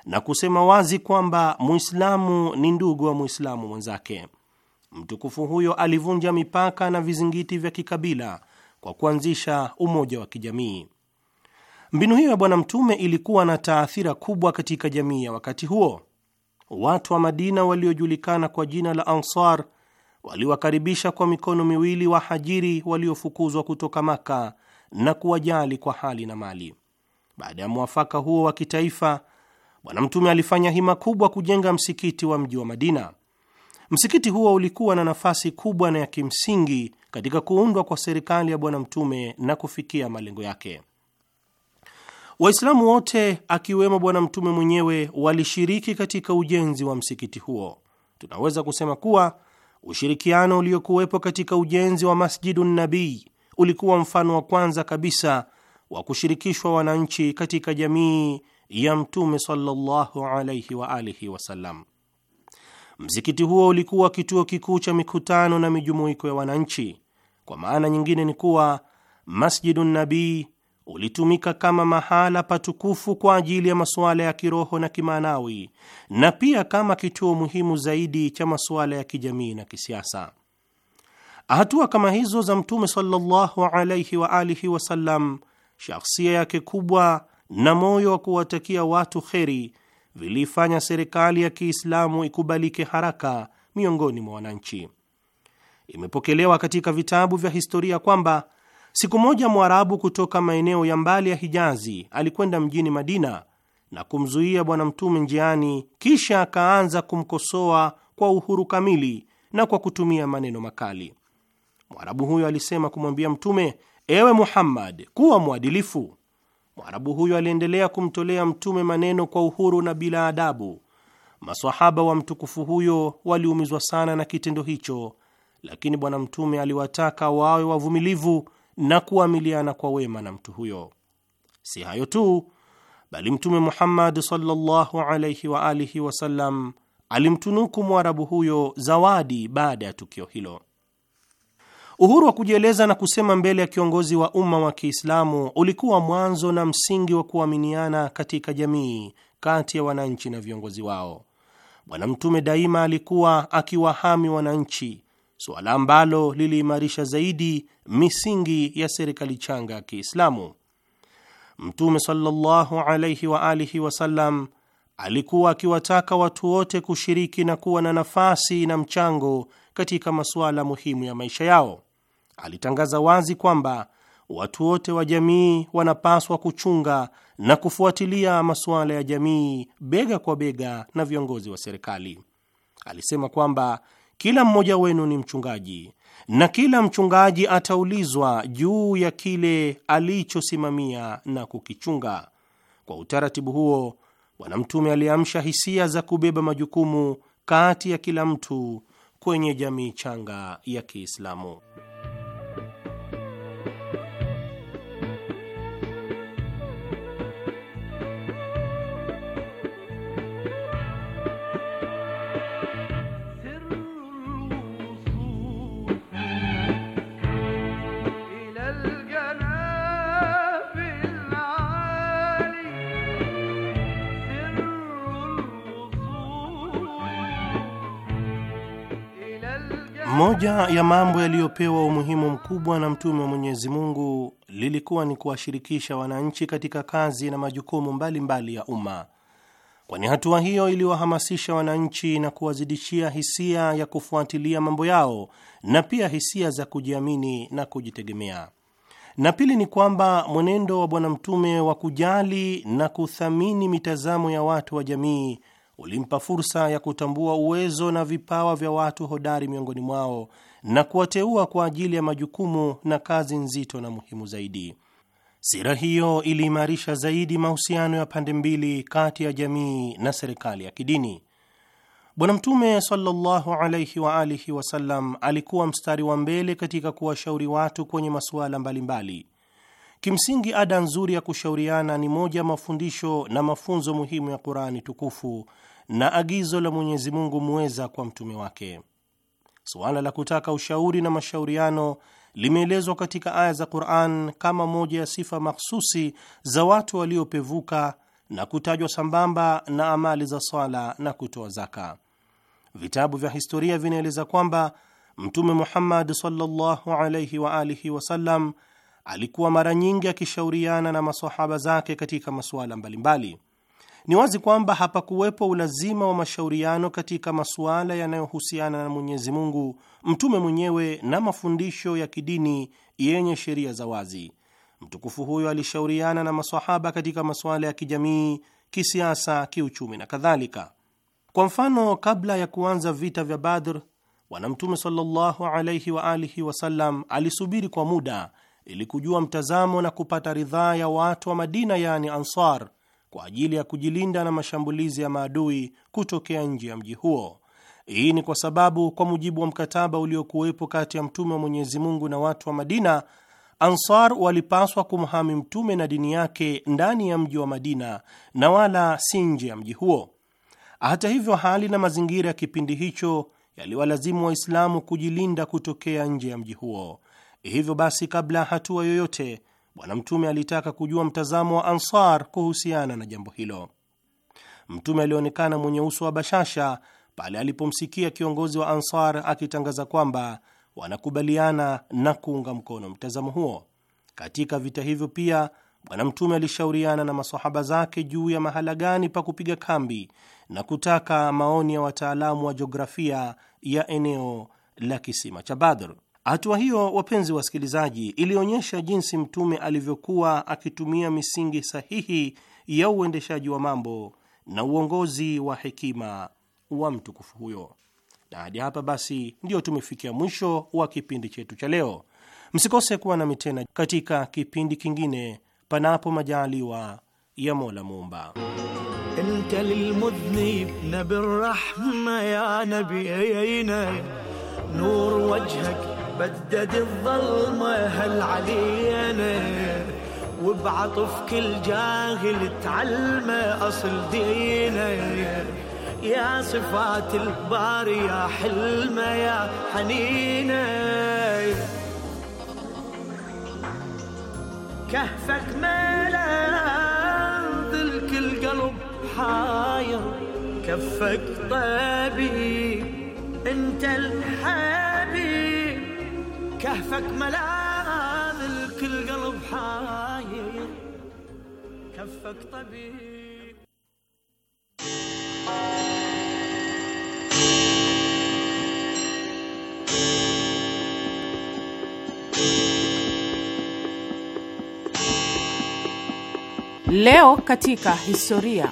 na kusema wazi kwamba Muislamu ni ndugu wa Muislamu mwenzake mtukufu huyo alivunja mipaka na vizingiti vya kikabila kwa kuanzisha umoja wa kijamii. Mbinu hiyo ya Bwana Mtume ilikuwa na taathira kubwa katika jamii ya wakati huo. Watu wa Madina waliojulikana kwa jina la Ansar waliwakaribisha kwa mikono miwili wahajiri waliofukuzwa kutoka Maka na kuwajali kwa hali na mali. Baada ya mwafaka huo wa kitaifa, Bwana Mtume alifanya hima kubwa kujenga msikiti wa mji wa Madina. Msikiti huo ulikuwa na nafasi kubwa na ya kimsingi katika kuundwa kwa serikali ya Bwana Mtume na kufikia malengo yake. Waislamu wote akiwemo Bwana Mtume mwenyewe walishiriki katika ujenzi wa msikiti huo. Tunaweza kusema kuwa ushirikiano uliokuwepo katika ujenzi wa Masjidu Nabii ulikuwa mfano wa kwanza kabisa wa kushirikishwa wananchi katika jamii ya Mtume sallallahu alaihi wa alihi wasallam. Msikiti huo ulikuwa kituo kikuu cha mikutano na mijumuiko ya wananchi. Kwa maana nyingine ni kuwa masjidu Nabii ulitumika kama mahala patukufu kwa ajili ya masuala ya kiroho na kimaanawi na pia kama kituo muhimu zaidi cha masuala ya kijamii na kisiasa. Hatua kama hizo za Mtume sallallahu alaihi wa alihi wasallam, shakhsia yake kubwa na moyo wa kuwatakia watu kheri vilifanya serikali ya Kiislamu ikubalike haraka miongoni mwa wananchi. Imepokelewa katika vitabu vya historia kwamba siku moja Mwarabu kutoka maeneo ya mbali ya Hijazi alikwenda mjini Madina na kumzuia Bwana Mtume njiani, kisha akaanza kumkosoa kwa uhuru kamili na kwa kutumia maneno makali. Mwarabu huyo alisema kumwambia Mtume, ewe Muhammad, kuwa mwadilifu Mwarabu huyo aliendelea kumtolea mtume maneno kwa uhuru na bila adabu. Masahaba wa mtukufu huyo waliumizwa sana na kitendo hicho, lakini Bwana Mtume aliwataka wawe wavumilivu na kuamiliana kwa wema na mtu huyo. Si hayo tu, bali Mtume Muhammad sallallahu alayhi wa alihi wasallam alimtunuku mwarabu huyo zawadi baada ya tukio hilo. Uhuru wa kujieleza na kusema mbele ya kiongozi wa umma wa Kiislamu ulikuwa mwanzo na msingi wa kuaminiana katika jamii kati ya wananchi na viongozi wao. Bwana Mtume daima alikuwa akiwahami wananchi, suala ambalo liliimarisha zaidi misingi ya serikali changa ya Kiislamu. Mtume sallallahu wa alihi wasallam alikuwa akiwataka watu wote kushiriki na kuwa na nafasi na mchango katika masuala muhimu ya maisha yao. Alitangaza wazi kwamba watu wote wa jamii wanapaswa kuchunga na kufuatilia masuala ya jamii bega kwa bega na viongozi wa serikali. Alisema kwamba kila mmoja wenu ni mchungaji na kila mchungaji ataulizwa juu ya kile alichosimamia na kukichunga. Kwa utaratibu huo, Bwana Mtume aliamsha hisia za kubeba majukumu kati ya kila mtu kwenye jamii changa ya Kiislamu. Moja ya mambo yaliyopewa umuhimu mkubwa na mtume wa Mwenyezi Mungu lilikuwa ni kuwashirikisha wananchi katika kazi na majukumu mbalimbali mbali ya umma, kwani hatua hiyo iliwahamasisha wananchi na kuwazidishia hisia ya kufuatilia mambo yao na pia hisia za kujiamini na kujitegemea. Na pili ni kwamba mwenendo wa Bwana Mtume wa kujali na kuthamini mitazamo ya watu wa jamii ulimpa fursa ya kutambua uwezo na vipawa vya watu hodari miongoni mwao na kuwateua kwa ajili ya majukumu na kazi nzito na muhimu zaidi. Sira hiyo iliimarisha zaidi mahusiano ya pande mbili kati ya jamii na serikali ya kidini. Bwana Mtume sallallahu alaihi wa alihi wasallam alikuwa mstari wa mbele katika kuwashauri watu kwenye masuala mbalimbali. Kimsingi, ada nzuri ya kushauriana ni moja ya mafundisho na mafunzo muhimu ya Qurani tukufu na agizo la Mwenyezi Mungu muweza kwa mtume wake. Suala la kutaka ushauri na mashauriano limeelezwa katika aya za Qur'an kama moja ya sifa mahsusi za watu waliopevuka na kutajwa sambamba na amali za swala na kutoa zaka. Vitabu vya historia vinaeleza kwamba Mtume Muhammad sallallahu alayhi wa alihi wasallam alikuwa mara nyingi akishauriana na masahaba zake katika masuala mbalimbali mbali. Ni wazi kwamba hapakuwepo ulazima wa mashauriano katika masuala yanayohusiana na Mwenyezi Mungu, mtume mwenyewe na mafundisho ya kidini yenye sheria za wazi. Mtukufu huyo alishauriana na masahaba katika masuala ya kijamii, kisiasa, kiuchumi na kadhalika. Kwa mfano, kabla ya kuanza vita vya Badr, Bwana Mtume sallallahu wa alihi wasallam alisubiri kwa muda ili kujua mtazamo na kupata ridhaa ya watu wa Madina, yani Ansar kwa ajili ya kujilinda na mashambulizi ya maadui kutokea nje ya mji huo. Hii ni kwa sababu kwa mujibu wa mkataba uliokuwepo kati ya mtume wa Mwenyezi Mungu na watu wa Madina, Ansar walipaswa kumhami mtume na dini yake ndani ya mji wa Madina na wala si nje ya mji huo. Hata hivyo, hali na mazingira ya kipindi hicho yaliwalazimu Waislamu kujilinda kutokea nje ya mji huo. Hivyo basi, kabla ya hatua yoyote Bwana Mtume alitaka kujua mtazamo wa Ansar kuhusiana na jambo hilo. Mtume alionekana mwenye uso wa bashasha pale alipomsikia kiongozi wa Ansar akitangaza kwamba wanakubaliana na kuunga mkono mtazamo huo. Katika vita hivyo pia Bwana Mtume alishauriana na masahaba zake juu ya mahala gani pa kupiga kambi na kutaka maoni ya wataalamu wa jiografia ya eneo la kisima cha Badr. Hatua hiyo, wapenzi wasikilizaji, ilionyesha jinsi Mtume alivyokuwa akitumia misingi sahihi ya uendeshaji wa mambo na uongozi wa hekima wa mtukufu huyo. Na hadi hapa basi ndiyo tumefikia mwisho wa kipindi chetu cha leo. Msikose kuwa nami tena katika kipindi kingine, panapo majaaliwa ya Mola Muumba.
بدد الظلمة هل علينا وبعطف كل جاهل تعلم أصل دينا يا صفات البار يا حلمة يا حنينة كهفك ملان ذلك القلب حاير كفك طبيب انت الحياة كهفك ملاذ الكل قلب حاير كفك طبيب
Leo katika historia.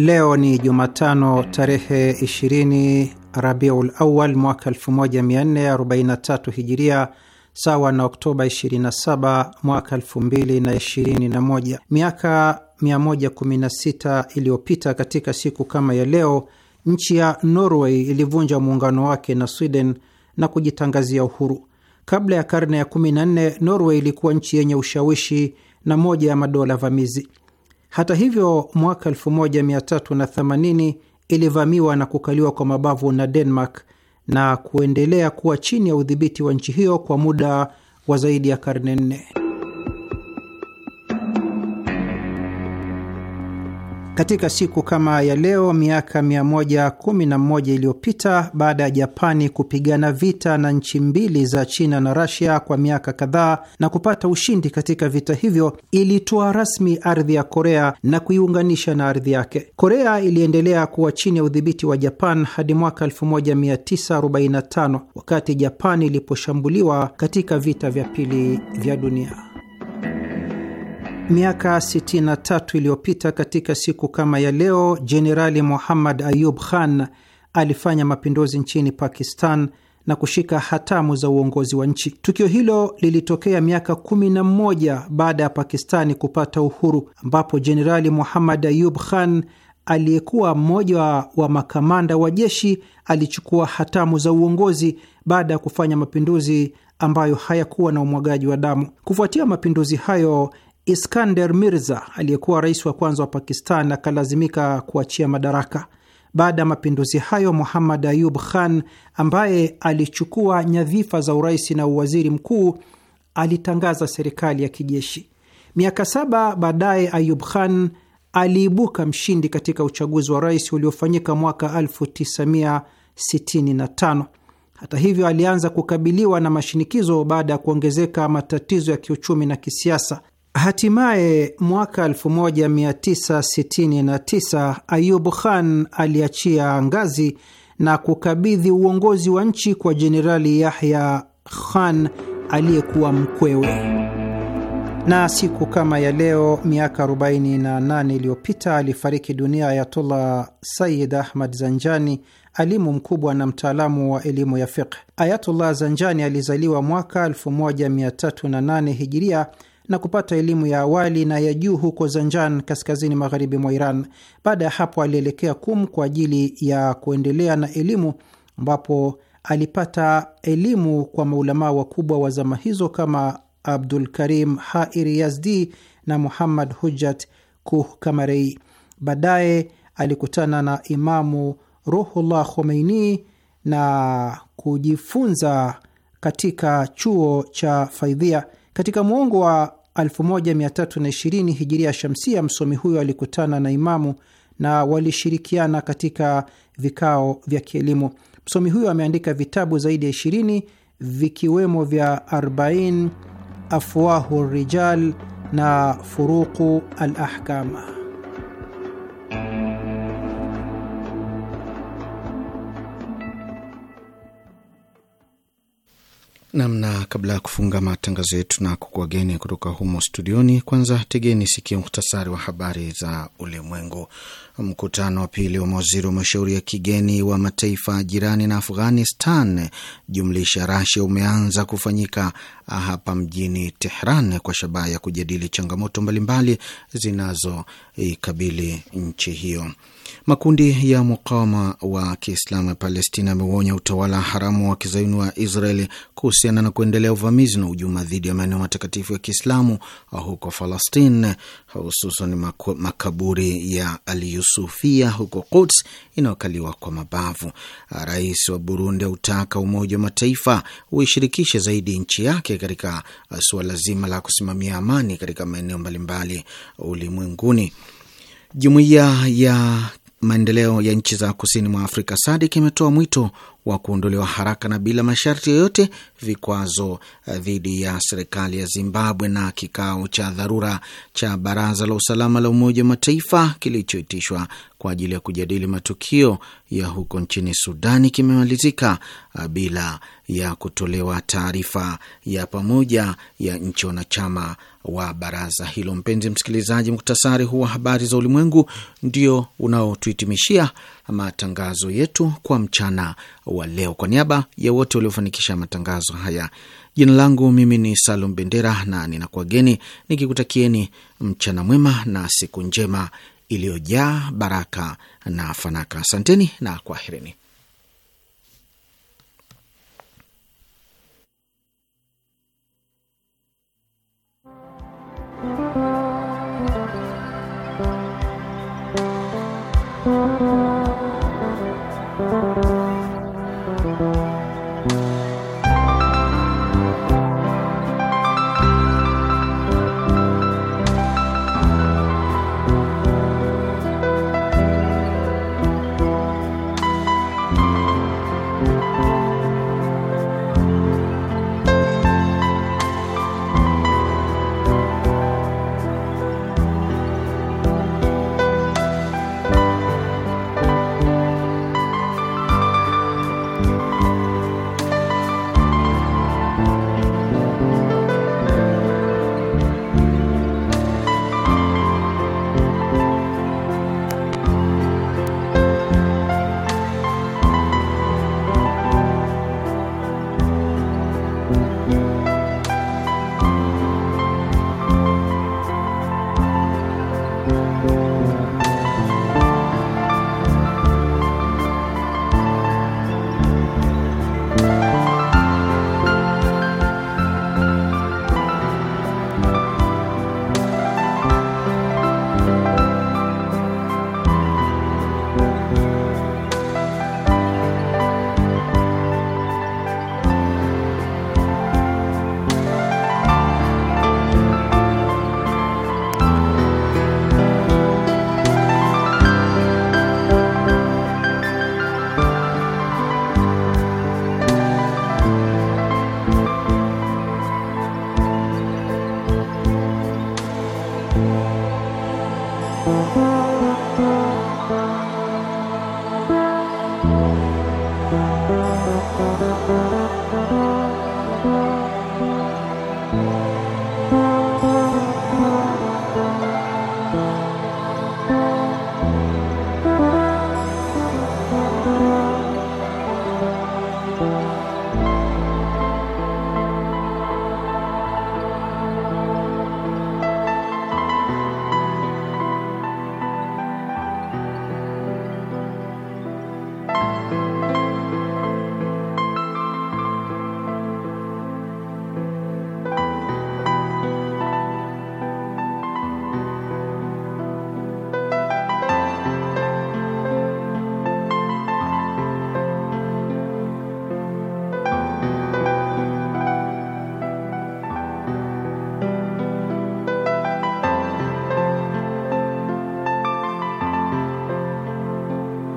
Leo ni Jumatano tarehe 20 Rabiul Awal mwaka 1443 Hijiria, sawa na Oktoba 27 mwaka 2021. Miaka 116 iliyopita katika siku kama ya leo, nchi ya Norway ilivunja muungano wake na Sweden na kujitangazia uhuru. Kabla ya karne ya 14, Norway ilikuwa nchi yenye ushawishi na moja ya madola vamizi. Hata hivyo, mwaka 1380 ilivamiwa na kukaliwa kwa mabavu na Denmark na kuendelea kuwa chini ya udhibiti wa nchi hiyo kwa muda wa zaidi ya karne nne. Katika siku kama ya leo miaka 111 iliyopita, baada ya Japani kupigana vita na nchi mbili za China na Rasia kwa miaka kadhaa na kupata ushindi katika vita hivyo, ilitoa rasmi ardhi ya Korea na kuiunganisha na ardhi yake. Korea iliendelea kuwa chini ya udhibiti wa Japan hadi mwaka 1945 wakati Japani iliposhambuliwa katika vita vya pili vya dunia. Miaka 63 iliyopita katika siku kama ya leo, Jenerali Muhammad Ayub Khan alifanya mapinduzi nchini Pakistan na kushika hatamu za uongozi wa nchi. Tukio hilo lilitokea miaka kumi na mmoja baada ya Pakistani kupata uhuru, ambapo Jenerali Muhammad Ayub Khan aliyekuwa mmoja wa makamanda wa jeshi alichukua hatamu za uongozi baada ya kufanya mapinduzi ambayo hayakuwa na umwagaji wa damu. Kufuatia mapinduzi hayo Iskander Mirza aliyekuwa rais wa kwanza wa Pakistan akalazimika kuachia madaraka. Baada ya mapinduzi hayo, Muhammad Ayub Khan ambaye alichukua nyadhifa za urais na uwaziri mkuu alitangaza serikali ya kijeshi. Miaka saba baadaye, Ayub Khan aliibuka mshindi katika uchaguzi wa rais uliofanyika mwaka 1965. Hata hivyo, alianza kukabiliwa na mashinikizo baada ya kuongezeka matatizo ya kiuchumi na kisiasa. Hatimaye mwaka 1969 Ayubu Khan aliachia ngazi na kukabidhi uongozi wa nchi kwa Jenerali Yahya Khan aliyekuwa mkwewe. Na siku kama ya leo miaka 48 iliyopita alifariki dunia Ayatullah Sayid Ahmad Zanjani, alimu mkubwa na mtaalamu wa elimu ya fiqh. Ayatullah Zanjani alizaliwa mwaka 1308 hijiria na kupata elimu ya awali na ya juu huko Zanjan, kaskazini magharibi mwa Iran. Baada ya hapo, alielekea Kum kwa ajili ya kuendelea na elimu, ambapo alipata elimu kwa maulamaa wakubwa wa zama hizo kama Abdul Karim Hair Yazdi na Muhammad hujat Kuh Kamarei. Baadaye alikutana na Imamu Ruhullah Khomeini na kujifunza katika chuo cha Faidhia. Katika mwongo wa 1320 hijiria shamsia, msomi huyo alikutana na Imamu na walishirikiana katika vikao vya kielimu. Msomi huyo ameandika vitabu zaidi ya 20 vikiwemo vya 40 afwahu rijal na furuqu al ahkama.
namna. Kabla ya kufunga matangazo yetu na kukuageni kutoka humo studioni, kwanza tegeni sikia muhtasari wa habari za ulimwengu. Mkutano wa pili wa mawaziri wa mashauri ya kigeni wa mataifa jirani na Afghanistan jumlisha Rasia umeanza kufanyika hapa mjini Tehran kwa shabaha ya kujadili changamoto mbalimbali zinazoikabili nchi hiyo. Makundi ya mukawama wa Kiislamu ya Palestina yameuonya utawala haramu wa kizayuni wa Israeli kuhusiana na kuendelea uvamizi na hujuma dhidi ya maeneo matakatifu ya Kiislamu huko Falastin, hususan makaburi ya Al Yusufia huko Quds inayokaliwa kwa mabavu. Rais wa Burundi autaka Umoja wa Mataifa uishirikishe zaidi nchi yake katika suala zima la kusimamia amani katika maeneo mbalimbali ulimwenguni. Jumuiya ya maendeleo ya nchi za kusini mwa Afrika SADIK imetoa mwito wa kuondolewa haraka na bila masharti yoyote vikwazo dhidi ya serikali ya Zimbabwe. Na kikao cha dharura cha Baraza la Usalama la Umoja wa Mataifa kilichoitishwa kwa ajili ya kujadili matukio ya huko nchini Sudani kimemalizika bila ya kutolewa taarifa ya pamoja ya nchi wanachama wa baraza hilo. Mpenzi msikilizaji, muktasari huu wa habari za ulimwengu ndio unaotuhitimishia matangazo yetu kwa mchana wa leo. Kwa niaba ya wote waliofanikisha matangazo haya, jina langu mimi ni Salum Bendera na ninakuageni nikikutakieni mchana mwema na siku njema iliyojaa baraka na fanaka. Asanteni na kwaherini.